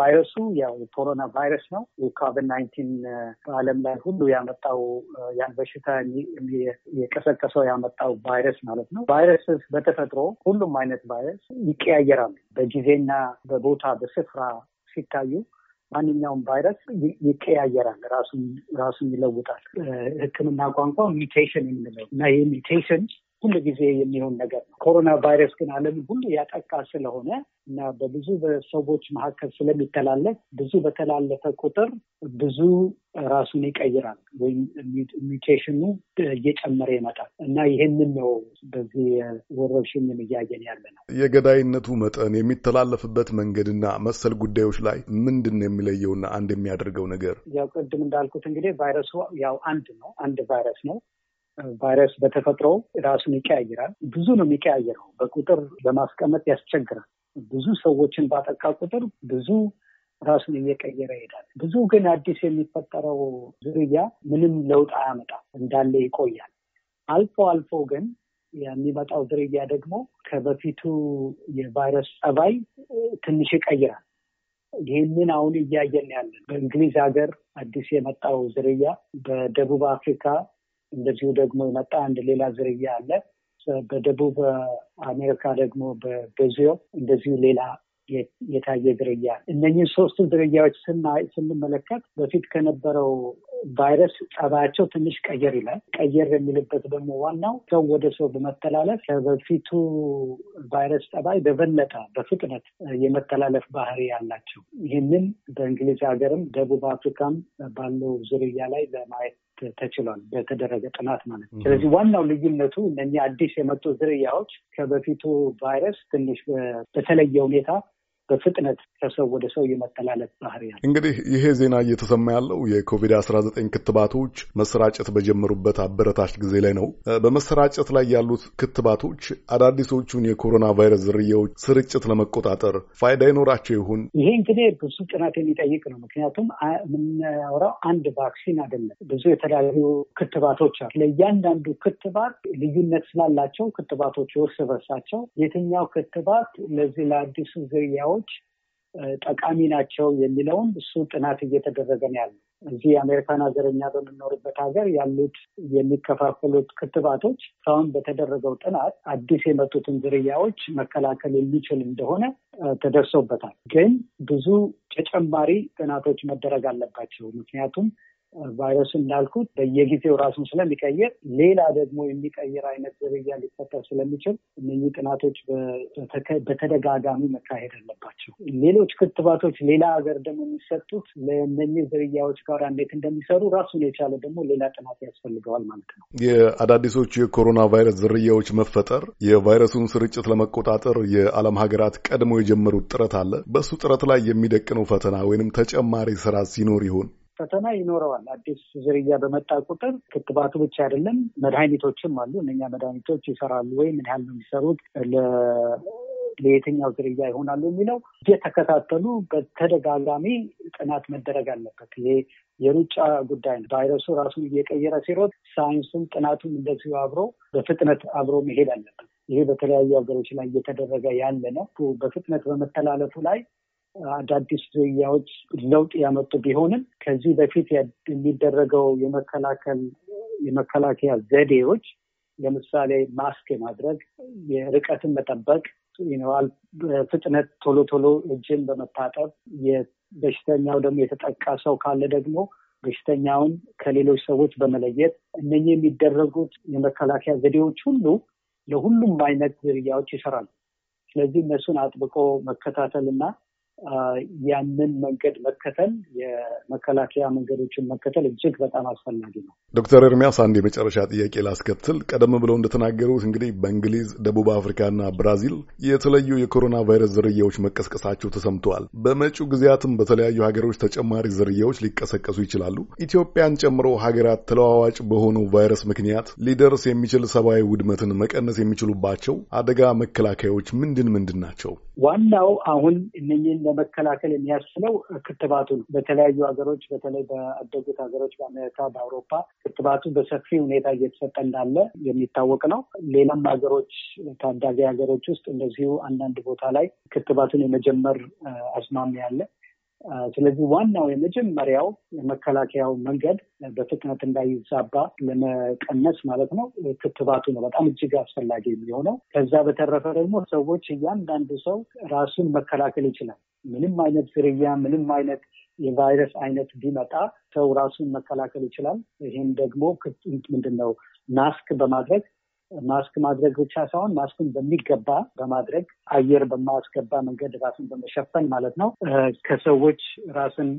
ቫይረሱ ያው ኮሮና ቫይረስ ነው። ኮቪድ ናይንቲን በዓለም ላይ ሁሉ ያመጣው ያን በሽታ የቀሰቀሰው ያመጣው ቫይረስ ማለት ነው። ቫይረስ በተፈጥሮ ሁሉም አይነት ቫይረስ ይቀያየራሉ። በጊዜና በቦታ በስፍራ ሲታዩ ማንኛውም ቫይረስ ይቀያየራል፣ ራሱን ራሱን ይለውጣል። ሕክምና ቋንቋ ሚቴሽን የምንለው እና ይህ ሚቴሽን ሁል ጊዜ የሚሆን ነገር ነው። ኮሮና ቫይረስ ግን ዓለምን ሁሉ ያጠቃ ስለሆነ እና በብዙ በሰዎች መካከል ስለሚተላለፍ ብዙ በተላለፈ ቁጥር ብዙ ራሱን ይቀይራል ወይም ሚውቴሽኑ እየጨመረ ይመጣል እና ይህንን ነው በዚህ ወረርሽኝም እያየን ያለ ነው። የገዳይነቱ መጠን የሚተላለፍበት መንገድና መሰል ጉዳዮች ላይ ምንድን ነው የሚለየውና አንድ የሚያደርገው ነገር ያው ቅድም እንዳልኩት እንግዲህ ቫይረሱ ያው አንድ ነው፣ አንድ ቫይረስ ነው ቫይረስ በተፈጥሮ ራሱን ይቀያይራል። ብዙ ነው የሚቀያየረው። በቁጥር ለማስቀመጥ ያስቸግራል። ብዙ ሰዎችን ባጠቃ ቁጥር ብዙ ራሱን እየቀየረ ይሄዳል። ብዙ ግን አዲስ የሚፈጠረው ዝርያ ምንም ለውጥ አያመጣም፣ እንዳለ ይቆያል። አልፎ አልፎ ግን የሚመጣው ዝርያ ደግሞ ከበፊቱ የቫይረስ ጸባይ ትንሽ ይቀይራል። ይህንን አሁን እያየን ያለን በእንግሊዝ ሀገር አዲስ የመጣው ዝርያ፣ በደቡብ አፍሪካ እንደዚሁ ደግሞ የመጣ አንድ ሌላ ዝርያ አለ። በደቡብ አሜሪካ ደግሞ በቤዚዮ እንደዚሁ ሌላ የታየ ዝርያ። እነኚህ ሶስቱ ዝርያዎች ስንመለከት በፊት ከነበረው ቫይረስ ጠባያቸው ትንሽ ቀየር ይላል። ቀየር የሚልበት ደግሞ ዋናው ሰው ወደ ሰው በመተላለፍ ከበፊቱ ቫይረስ ጸባይ በበለጠ በፍጥነት የመተላለፍ ባህሪ ያላቸው ይህንን በእንግሊዝ ሀገርም ደቡብ አፍሪካም ባለው ዝርያ ላይ ለማየት ተችሏል በተደረገ ጥናት ማለት ነው። ስለዚህ ዋናው ልዩነቱ እነኛ አዲስ የመጡ ዝርያዎች ከበፊቱ ቫይረስ ትንሽ በተለየ ሁኔታ በፍጥነት ከሰው ወደ ሰው የመተላለፍ ባህሪ ያለ እንግዲህ ይሄ ዜና እየተሰማ ያለው የኮቪድ 19 ክትባቶች መሰራጨት በጀመሩበት አበረታች ጊዜ ላይ ነው። በመሰራጨት ላይ ያሉት ክትባቶች አዳዲሶቹን የኮሮና ቫይረስ ዝርያዎች ስርጭት ለመቆጣጠር ፋይዳ ይኖራቸው ይሁን? ይሄ እንግዲህ ብዙ ጥናት የሚጠይቅ ነው። ምክንያቱም የምናወራው አንድ ቫክሲን አይደለም። ብዙ የተለያዩ ክትባቶች አሉ። ለእያንዳንዱ ክትባት ልዩነት ስላላቸው ክትባቶች እርስ በርሳቸው የትኛው ክትባት ለዚህ ለአዲሱ ዝርያዎች ሁኔታዎች ጠቃሚ ናቸው የሚለውን እሱ ጥናት እየተደረገ ነው ያለ እዚህ የአሜሪካን ሀገር እኛ ሀገር ያሉት የሚከፋፈሉት ክትባቶች እስካሁን በተደረገው ጥናት አዲስ የመጡትን ዝርያዎች መከላከል የሚችል እንደሆነ ተደርሶበታል። ግን ብዙ ተጨማሪ ጥናቶች መደረግ አለባቸው። ምክንያቱም ቫይረሱ እንዳልኩት በየጊዜው ራሱን ስለሚቀይር ሌላ ደግሞ የሚቀይር አይነት ዝርያ ሊፈጠር ስለሚችል እነዚህ ጥናቶች በተደጋጋሚ መካሄድ አለባቸው። ሌሎች ክትባቶች ሌላ ሀገር ደግሞ የሚሰጡት ለእነኚህ ዝርያዎች ጋር እንዴት እንደሚሰሩ ራሱን የቻለ ደግሞ ሌላ ጥናት ያስፈልገዋል ማለት ነው። የአዳዲሶቹ የኮሮና ቫይረስ ዝርያዎች መፈጠር የቫይረሱን ስርጭት ለመቆጣጠር የዓለም ሀገራት ቀድሞ የጀመሩት ጥረት አለ። በእሱ ጥረት ላይ የሚደቅነው ፈተና ወይንም ተጨማሪ ስራ ሲኖር ይሆን? ፈተና ይኖረዋል። አዲስ ዝርያ በመጣ ቁጥር ክትባቱ ብቻ አይደለም፣ መድኃኒቶችም አሉ። እነኛ መድኃኒቶች ይሰራሉ ወይ፣ ምን ያህል ነው የሚሰሩት ለየትኛው ዝርያ ይሆናሉ የሚለው እየተከታተሉ በተደጋጋሚ ጥናት መደረግ አለበት። ይሄ የሩጫ ጉዳይ ነው። ቫይረሱ ራሱን እየቀየረ ሲሮጥ ሳይንሱም ጥናቱም እንደዚሁ አብሮ በፍጥነት አብሮ መሄድ አለበት። ይሄ በተለያዩ ሀገሮች ላይ እየተደረገ ያለ ነው። በፍጥነት በመተላለፉ ላይ አዳዲስ ዝርያዎች ለውጥ ያመጡ ቢሆንም ከዚህ በፊት የሚደረገው የመከላከል የመከላከያ ዘዴዎች ለምሳሌ ማስክ የማድረግ የርቀትን መጠበቅ ይነዋል ፍጥነት ቶሎ ቶሎ እጅን በመታጠብ በሽተኛው ደግሞ የተጠቃ ሰው ካለ ደግሞ በሽተኛውን ከሌሎች ሰዎች በመለየት እነኚህ የሚደረጉት የመከላከያ ዘዴዎች ሁሉ ለሁሉም አይነት ዝርያዎች ይሰራሉ። ስለዚህ እነሱን አጥብቆ መከታተልና ያንን መንገድ መከተል የመከላከያ መንገዶችን መከተል እጅግ በጣም አስፈላጊ ነው። ዶክተር ኤርሚያስ አንድ የመጨረሻ ጥያቄ ላስከትል። ቀደም ብለው እንደተናገሩት እንግዲህ በእንግሊዝ፣ ደቡብ አፍሪካና ብራዚል የተለዩ የኮሮና ቫይረስ ዝርያዎች መቀስቀሳቸው ተሰምተዋል። በመጪው ጊዜያትም በተለያዩ ሀገሮች ተጨማሪ ዝርያዎች ሊቀሰቀሱ ይችላሉ። ኢትዮጵያን ጨምሮ ሀገራት ተለዋዋጭ በሆነው ቫይረስ ምክንያት ሊደርስ የሚችል ሰብአዊ ውድመትን መቀነስ የሚችሉባቸው አደጋ መከላከያዎች ምንድን ምንድን ናቸው? ዋናው አሁን እነኝህን ለመከላከል የሚያስችለው ክትባቱ ነው። በተለያዩ ሀገሮች በተለይ በአደጉት ሀገሮች በአሜሪካ፣ በአውሮፓ ክትባቱ በሰፊ ሁኔታ እየተሰጠ እንዳለ የሚታወቅ ነው። ሌላም ሀገሮች ታዳጊ ሀገሮች ውስጥ እንደዚሁ አንዳንድ ቦታ ላይ ክትባቱን የመጀመር አዝማሚያ አለ። ስለዚህ ዋናው የመጀመሪያው የመከላከያው መንገድ በፍጥነት እንዳይዛባ ለመቀነስ ማለት ነው ክትባቱ ነው በጣም እጅግ አስፈላጊ የሚሆነው። ከዛ በተረፈ ደግሞ ሰዎች እያንዳንዱ ሰው ራሱን መከላከል ይችላል። ምንም አይነት ዝርያ ምንም አይነት የቫይረስ አይነት ቢመጣ ሰው ራሱን መከላከል ይችላል። ይህም ደግሞ ምንድን ነው ማስክ በማድረግ ማስክ ማድረግ ብቻ ሳይሆን ማስክን በሚገባ በማድረግ አየር በማስገባ መንገድ ራስን በመሸፈን ማለት ነው። ከሰዎች ራስን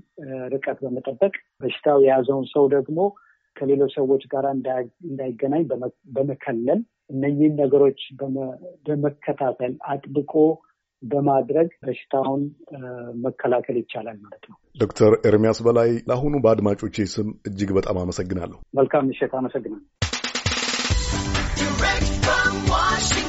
ርቀት በመጠበቅ በሽታው የያዘውን ሰው ደግሞ ከሌሎች ሰዎች ጋር እንዳይገናኝ በመከለል እነኚህን ነገሮች በመከታተል አጥብቆ በማድረግ በሽታውን መከላከል ይቻላል ማለት ነው። ዶክተር ኤርሚያስ በላይ ለአሁኑ በአድማጮቼ ስም እጅግ በጣም አመሰግናለሁ። መልካም ምሽት። አመሰግናለሁ። Direct from Washington.